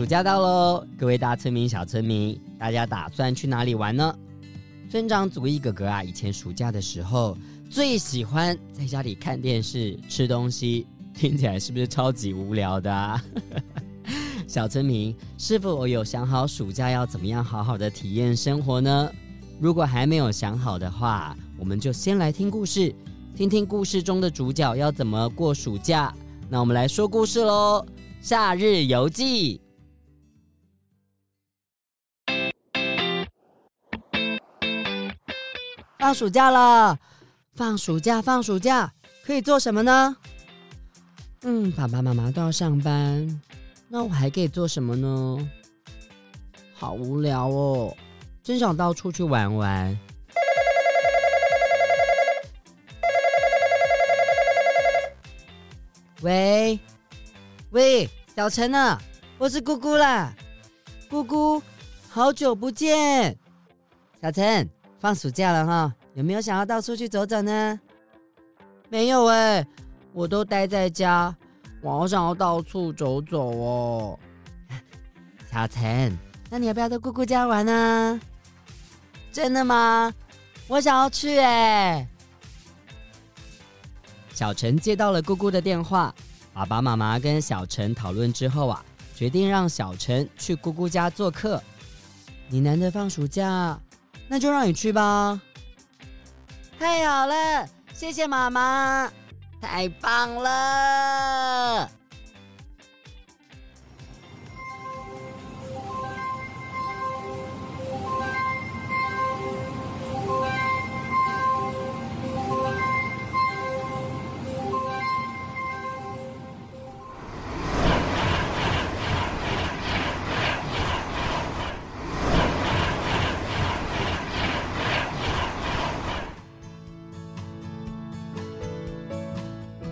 暑假到嘍！各位大村民、小村民，大家打算去哪裡玩呢？村長祖逸哥哥啊，以前暑假的時候最喜歡在家裡看電視、吃東西，聽起來是不是超級無聊的啊？小村民是否我有想好暑假要怎麼樣好好的體驗生活呢？如果還沒有想好的話，我們就先來聽故事，聽聽故事中的主角要怎麼過暑假。那我們來說故事嘍，《夏日遊記》。放暑假了，放暑假，放暑假可以做什麼呢？嗯，爸爸媽媽都要上班，那我還可以做什麼呢？好無聊哦，真想到處去玩玩。喂，喂，小晨啊，我是姑姑啦。姑姑？好久不見，小晨。放暑假了哈，有沒有想要到處去走走呢？沒有哎、欸，我都待在家。我好想要到處走走哦。小晨，那你要不要到姑姑家玩呢、啊？真的嗎？我想要去哎、欸。小晨接到了姑姑的電話，爸爸媽媽跟小晨討論之後啊，決定讓小晨去姑姑家做客。你難得放暑假。那就讓你去吧！太好了，謝謝媽媽，太棒了！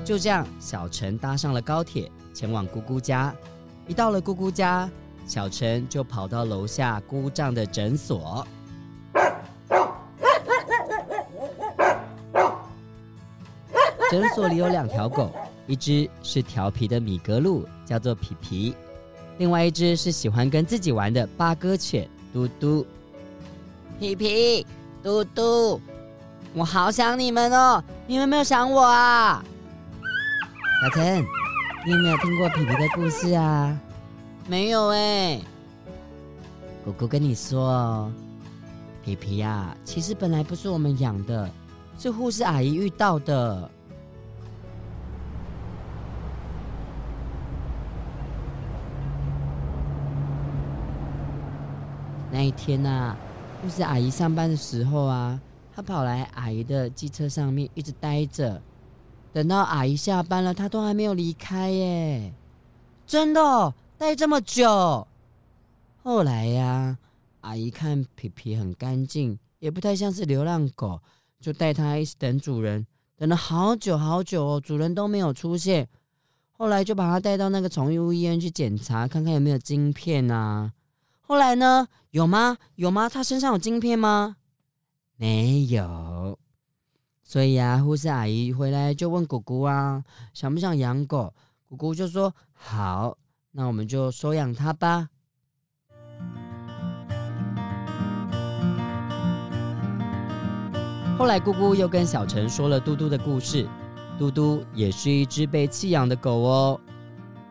就這樣，小陳搭上了高鐵，前往姑姑家。一到了姑姑家，小陳就跑到樓下姑丈的診所。 診所裡有兩條狗，一隻是調皮的米格魯，叫做皮皮；另外一隻是喜歡跟自己玩的八哥犬，嘟嘟。皮皮，嘟嘟，我好想你們哦！你們沒有想我啊？小晨，你有沒有聽過皮皮的故事啊？沒有哎，姑姑跟你說哦，皮皮呀、啊，其實本來不是我們養的，是護士阿姨遇到的。那一天啊，護士阿姨上班的時候啊，她跑來阿姨的機車上面，一直待着。等到阿姨下班了，她都還沒有離開耶，真的、哦、待這麼久。後來呀、啊，阿姨看皮皮很乾淨，也不太像是流浪狗，就帶它一起等主人。等了好久好久哦，主人都沒有出現。後來就把它帶到那個寵物醫院去檢查，看看有沒有晶片啊。後來呢，有嗎？有嗎？它身上有晶片嗎？沒有。所以啊，護士阿姨回來就問姑姑啊，想不想養狗？姑姑就說好，那我們就收養它吧。後來姑姑又跟小晨說了嘟嘟的故事，嘟嘟也是一隻被棄養的狗哦。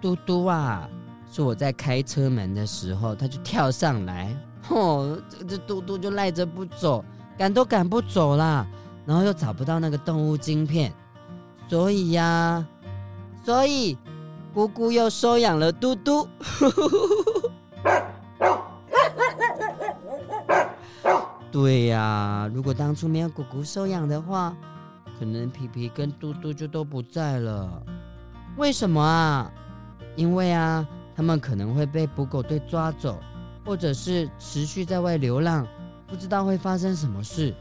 嘟嘟啊，是我在開車門的時候，它就跳上來，吼，這嘟嘟就賴着不走，趕都趕不走啦。然後又找不到那個動物晶片，所以呀、啊，所以姑姑又收養了嘟嘟。 對呀、啊，如果當初沒有姑姑收養的話，可能皮皮跟嘟嘟就都不在了。為什麼啊？因為啊，他們可能會被捕狗隊抓走，或者是持續在外流浪，不知道會發生什麼事，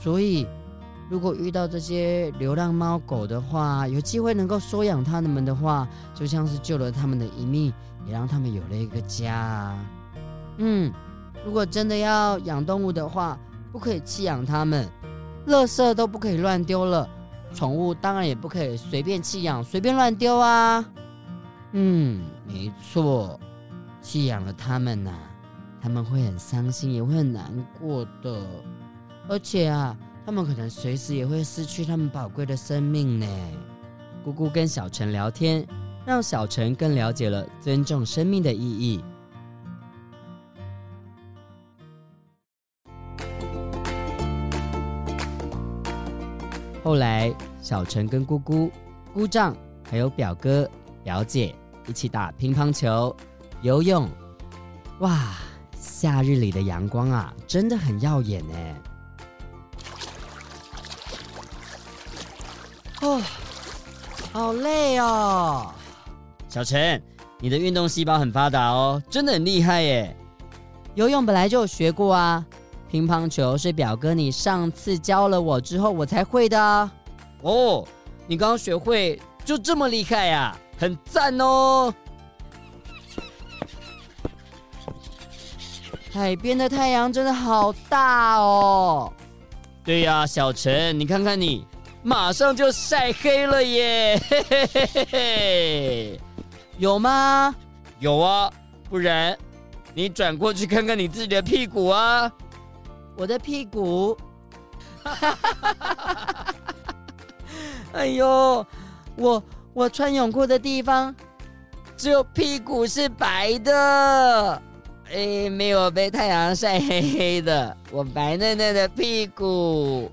所以。如果遇到這些流浪貓狗的話，有機會能夠收養它們的話，就像是救了它們的一命，也讓他們有了一個家啊。嗯，如果真的要養動物的話，不可以棄養它們，垃圾都不可以亂丟了，寵物當然也不可以隨便棄養、隨便亂丟啊。嗯，沒錯，棄養了它們吶啊，他們會很傷心，也會很難過的，而且啊。他們可能隨時也會失去他們寶貴的生命呢。姑姑跟小晨聊天，讓小晨更了解了尊重生命的意義。後來，小晨跟姑姑、姑丈還有表哥、表姐一起打乒乓球、游泳。哇，夏日裡的陽光啊，真的很耀眼呢。哦，好累哦，小晨，你的運動細胞很發達哦，真的很厲害耶！游泳本來就有學過啊，乒乓球是表哥你上次教了我之後我才會的、啊。哦，你剛剛學會就這麼厲害呀、啊，很讚哦！海邊的太陽真的好大哦。對呀、啊，小晨，你看看你。馬上就曬黑了耶，嘿嘿嘿嘿，有嗎？有啊，不然你轉過去看看你自己的屁股啊。我的屁股，哈哈哈哈哈哈！哎呦，我我穿泳褲的地方，只有屁股是白的。哎，沒有被太陽曬黑黑的，我白嫩嫩的屁股。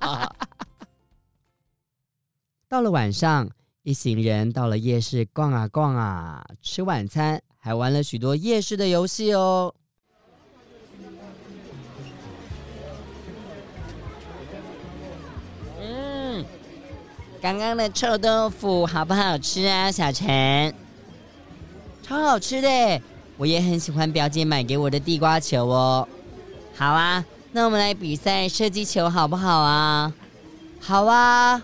到了晚上，一行人到了夜市逛啊逛啊，吃晚餐，還玩了許多夜市的遊戲哦。嗯，剛剛的臭豆腐好不好吃啊，小晨？超好吃的。我也很喜歡表姐買給我的地瓜球哦。好啊，那我們來比賽射擊球好不好啊？好啊。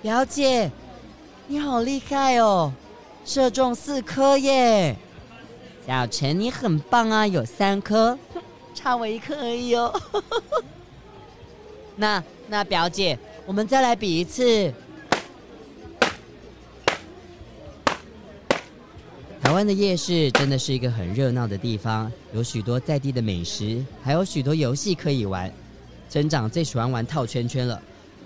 表姐，你好厲害哦，射中四顆耶！小晨，你很棒啊，有三顆，差我一顆而已哦！ 那那表姐。我們再來比一次。台灣的夜市真的是一個很熱鬧的地方，有許多在地的美食，還有許多遊戲可以玩。村長最喜歡玩套圈圈了，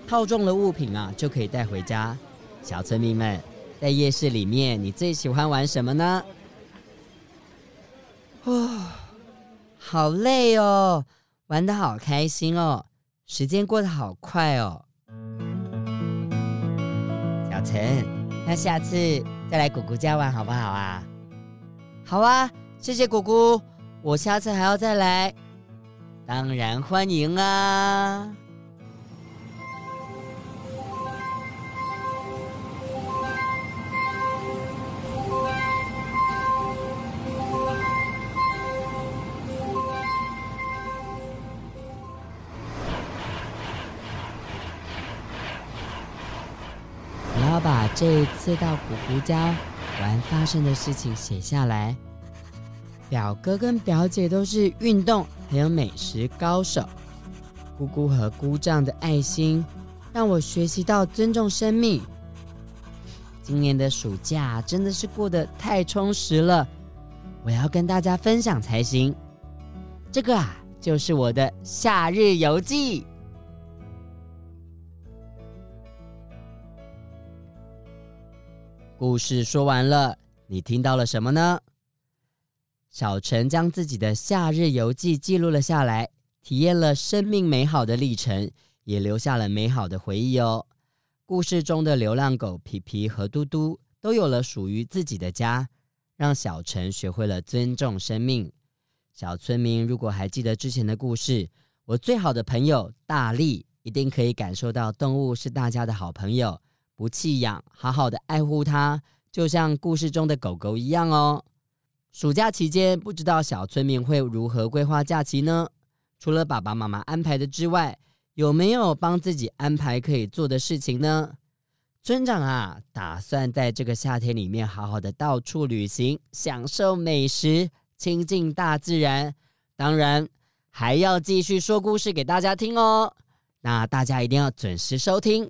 套中了物品啊就可以帶回家。小村民們，在夜市裡面你最喜歡玩什麼呢？哇、哦，好累哦，玩得好開心哦，時間過得好快哦。晨，那下次再來姑姑家玩好不好啊？好啊，謝謝姑姑，我下次還要再來。當然歡迎啊。把這一次到姑姑家玩發生的事情寫下來。表哥跟表姐都是運動，還有美食高手，姑姑和姑丈的愛心讓我學習到尊重生命。今年的暑假真的是過得太充實了，我要跟大家分享才行。這個啊，就是我的夏日遊記。故事說完了，你聽到了什麼呢？小晨將自己的夏日遊記記錄了下來，體驗了生命美好的歷程，也留下了美好的回憶哦。故事中的流浪狗皮皮和嘟嘟都有了屬於自己的家，讓小晨學會了尊重生命。小村民如果還記得之前的故事，我最好的朋友大力一定可以感受到動物是大家的好朋友。不棄養，好好的愛護它，就像故事中的狗狗一樣哦。暑假期間，不知道小村民會如何規劃假期呢？除了爸爸媽媽安排的之外，有沒有幫自己安排可以做的事情呢？村長啊，打算在這個夏天裡面好好的到處旅行，享受美食，親近大自然。當然，還要繼續說故事給大家聽哦。那大家一定要準時收聽。